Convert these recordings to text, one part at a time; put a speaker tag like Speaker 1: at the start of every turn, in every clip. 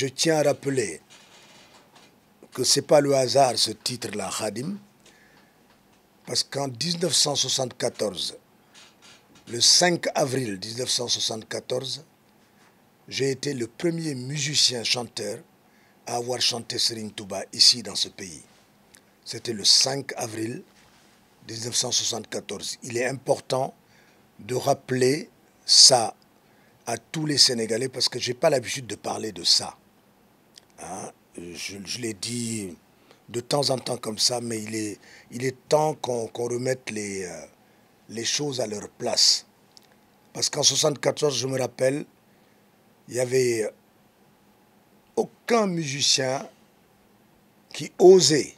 Speaker 1: je tiens à rappeler que ce n'est pas le hasard ce titre-là, Khadim, parce qu'en 1974, le 5 avril 1974, j'ai été le premier musicien chanteur à avoir chanté Serine Touba ici dans ce pays. C'était le 5 avril 1974. Il est important de rappeler ça à tous les Sénégalais parce que je n'ai pas l'habitude de parler de ça. Hein, je, l'ai dit de temps en temps comme ça, mais il est, il est temps qu'on remette les, euh, les choses à leur place. Parce qu'en 1974, je me rappelle, il n'y avait aucun musicien qui osait,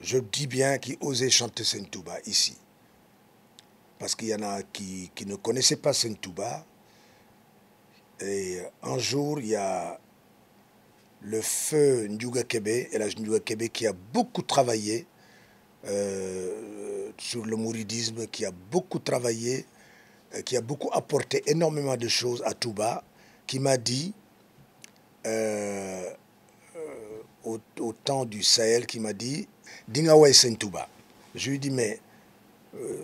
Speaker 1: je dis bien qui osait chanter Sentouba ici. Parce qu'il y en a qui, qui ne connaissaient pas Sentouba. Et un jour, il y a le feu Ndiouga Kebe, et la Ndiouga qui a beaucoup travaillé euh, sur le mouridisme, qui a beaucoup travaillé, euh, qui a beaucoup apporté énormément de choses à Touba, qui m'a dit, euh, au, temps du Sahel, qui m'a dit, est Touba. Je lui ai dit, mais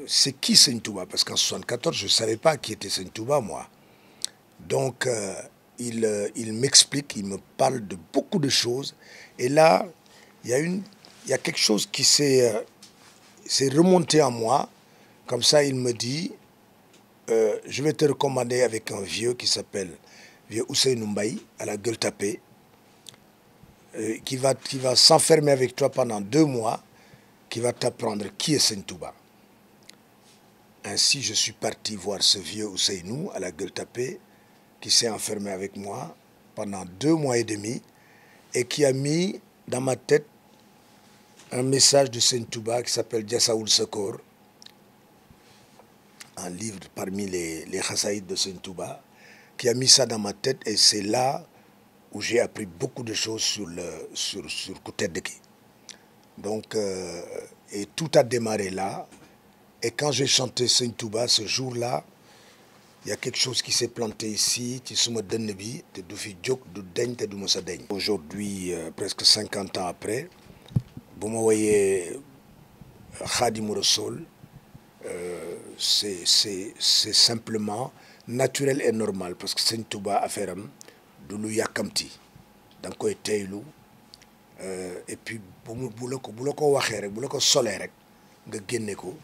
Speaker 1: c'est qui Touba Parce qu'en 1974, je ne savais pas qui était Touba, moi. Donc, euh, il, m'explique, il me parle de beaucoup de choses. Et là, il y a, quelque chose qui s'est euh, remonté en moi. Comme ça, il me dit, euh, je vais te recommander avec un vieux qui s'appelle vieux à la gueule tapée, qui va, s'enfermer avec toi pendant deux mois, qui va t'apprendre qui est Sentouba. Ainsi, je suis parti voir ce vieux Ousseinou à la gueule tapée qui s'est enfermé avec moi pendant deux mois et demi et qui a mis dans ma tête un message de Saint-Touba qui s'appelle Djassaoul Sokor, un livre parmi les, les de Saint-Touba, qui a mis ça dans ma tête et c'est là où j'ai appris beaucoup de choses sur, le, sur, sur qui Donc, euh, et tout a démarré là. Et quand j'ai chanté Saint-Touba ce jour-là, il y a quelque chose qui s'est planté ici ci suma dënn bi te du fi jóg du deñ te du mës a deñ aujourd'hui euh, presque 50 ans après bu ma woyee Khadimou Rassoul euh, c'est c'est c'est simplement naturel et normal parce que Sëñ Touba affaire am du lu yàkkamti da koy teylu euh, et puis bu mu bu la ko bu la ko waxee rek bu la ko solee rek nga génne ko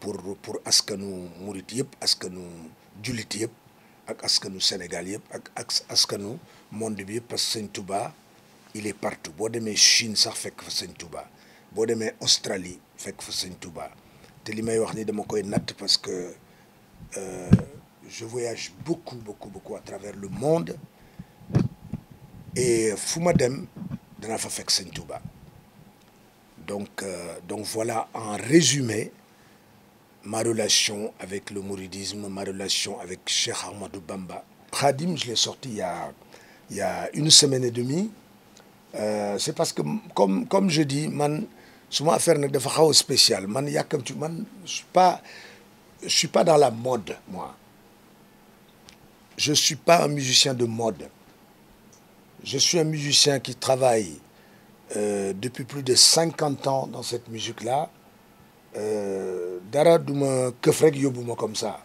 Speaker 1: pour pour askanu murit yëpp askanu julit yep ak askanu Sénégal yëpp ak ak askanu monde bi parce que sëñ Touba il est partout boo demee Chine sax fekk fa sëñ Touba boo demee Australie fekk fa sëñ Touba te li may wax ni dama koy parce que euh, je voyage beaucoup beaucoup beaucoup à travers le monde et fu ma dem dana fa fekk sëñ donc euh, donc voilà en résumé ma relation avec le mouridisme, ma relation avec Cheikh Ahmadou Bamba. Khadim, je l'ai sorti il y, a, il y, a, une semaine et demie. Euh, c'est parce que, comme, comme je dis, man, suma affaire spécial je suis pas je suis pas dans la mode moi je suis pas un musicien de mode je suis un musicien qui travaille euh, depuis plus de 50 ans dans cette musique là euh, dara Douma comme ça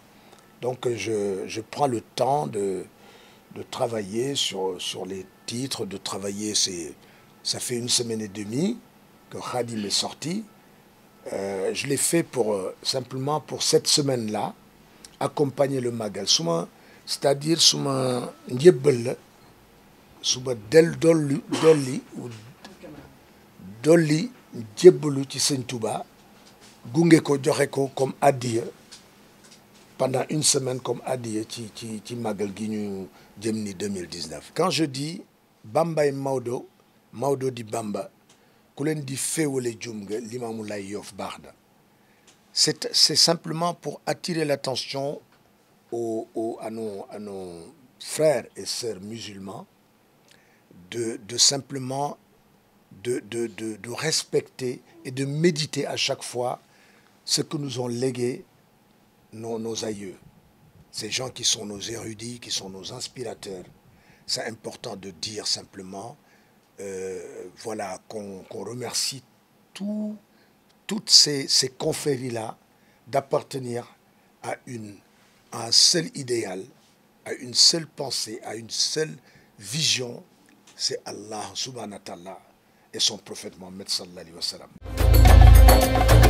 Speaker 1: donc je prends le temps de travailler sur sur les titres de travailler c'est ça fait une semaine et demie que Khadim est sorti euh, je l'ai fait pour euh, simplement pour cette semaine là accompagner le magal c'est-à-dire sous un del dolli dolli Gungeko ko comme Adie pendant une semaine comme Adie... ...qui m'a ci en 2019 quand je dis Bamba et Maudo... ...Maudo dit Bamba... nga dit Féoule Djung, c'est c'est simplement pour attirer l'attention au à nos à nos frères et sœurs musulmans de de simplement de de de respecter et de méditer à chaque fois ce que nous ont légué nos, aïeux, ces gens qui sont nos érudits, qui sont nos inspirateurs. C'est important de dire simplement, euh, voilà, qu'on remercie toutes ces, conféries-là d'appartenir à, une, à un seul idéal, à une seule pensée, à une seule vision, c'est Allah subhanahu et son prophète Mohammed sallallahu wa